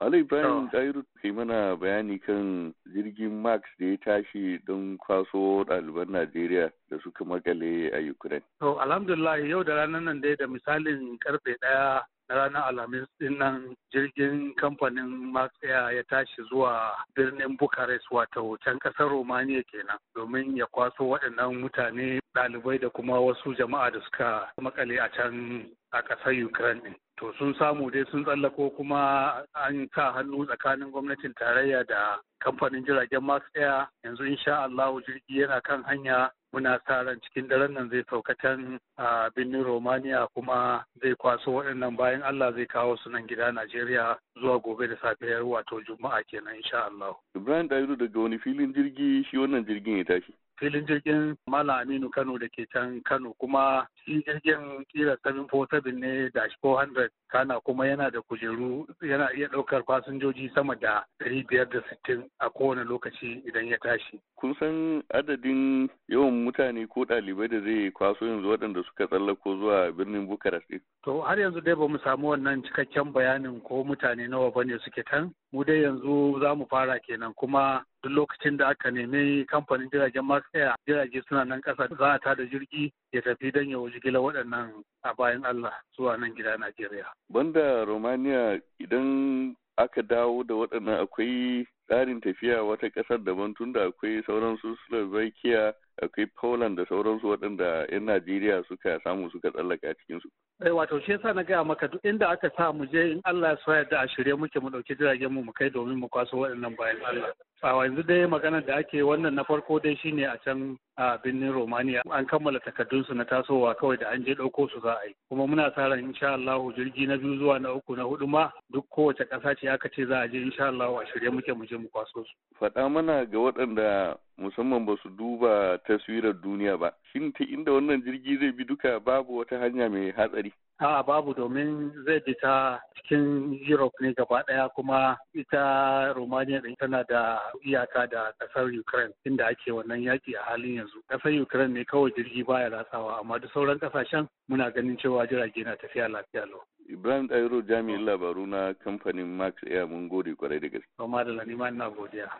Ali Ibrahim Dairu ke mana bayani kan jirgin Max da ya tashi don kwaso ɗaliban Najeriya da suka makale a Ukraine. To alhamdulillah yau da ranar nan da misalin karfe ɗaya na ranar Alhamis din nan jirgin kamfanin Max Air ya tashi zuwa birnin Bucharest wato can kasar Romania kenan domin ya kwaso waɗannan mutane ɗalibai da kuma wasu jama'a da suka makale a can a ƙasar Ukraine to sun samu dai sun tsallako kuma an sa hannu tsakanin gwamnatin tarayya da kamfanin jiragen masu ɗaya yanzu insha Allah jirgi yana kan hanya muna sa ran cikin daren nan zai saukatan a birnin romania kuma zai kwaso waɗannan bayan Allah zai kawo su nan gida Najeriya zuwa gobe da safiyar wato juma'a kenan insha Allah. Ibrahim Dayiru daga wani filin jirgi shi wannan jirgin ya tashi. Filin jirgin Malam Aminu Kano da ke can Kano kuma shi jirgin kira 747 ne dash 400 kana kuma yana da kujeru yana iya ɗaukar fasinjoji sama da 560 a kowane lokaci idan ya tashi. Kun san adadin yawan mutane ko ɗalibai da zai kwaso yanzu waɗanda suka tsallako zuwa birnin Bukaras To har yanzu dai ba mu samu wannan cikakken bayanin ko mutane nawa bane suke tan mu dai yanzu za mu fara kenan kuma duk lokacin da aka nemi kamfanin jiragen matsaya jirage suna nan ƙasa za a tada jirgi ya tafi don ya wajigila waɗannan a bayan Allah zuwa nan gida Najeriya. Banda Romania idan aka dawo da waɗannan akwai tsarin tafiya wata kasar daban tunda akwai sauran su Slovakia akwai Poland da sauransu waɗanda 'yan Najeriya suka samu suka tsallaka cikinsu. Eh wato shi yasa na gaya maka duk inda aka sa mu je in Allah ya so da a shirye muke mu dauki jiragen mu mu kai domin mu kwaso waɗannan bayan Allah. a yanzu dai maganar da ake wannan na farko dai shine a can a birnin romania an kammala takardunsu na tasowa kawai da an je ɗauko su za a yi kuma muna sa ran insha Allah jirgi na biyu zuwa na uku na hudu ma duk kowace ƙasa ce aka ce za a je insha Allah a shirye muke mu je mu kwaso su faɗa mana ga waɗanda musamman ba su duba taswirar duniya ba shin ta inda wannan jirgi zai bi duka babu wata hanya mai hatsari A'a babu domin zai bi ta cikin Europe ne gaba ɗaya kuma ita Romania ɗin tana da iyaka da ƙasar Ukraine inda ake wannan yaƙi a halin yanzu. Ƙasar Ukraine ne kawai jirgi baya ratsawa amma duk sauran ƙasashen muna ganin cewa jirage na tafiya lafiya lau. Ibrahim Ɗairo jami'in labaru na kamfanin Max Air mun gode kwarai da gaske. Amma da lanima ina godiya.